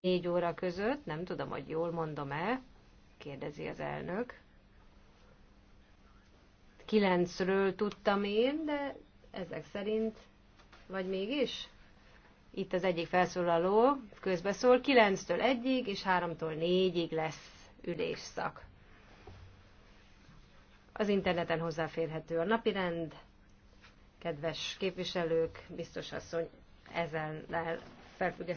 négy óra között, nem tudom, hogy jól mondom-e, kérdezi az elnök. Kilencről tudtam én, de ezek szerint, vagy mégis? Itt az egyik felszólaló közbeszól, 9-től 1-ig és 3-tól 4-ig lesz ülésszak. Az interneten hozzáférhető a napirend. Kedves képviselők, biztos asszony, ezen felfüggesztő.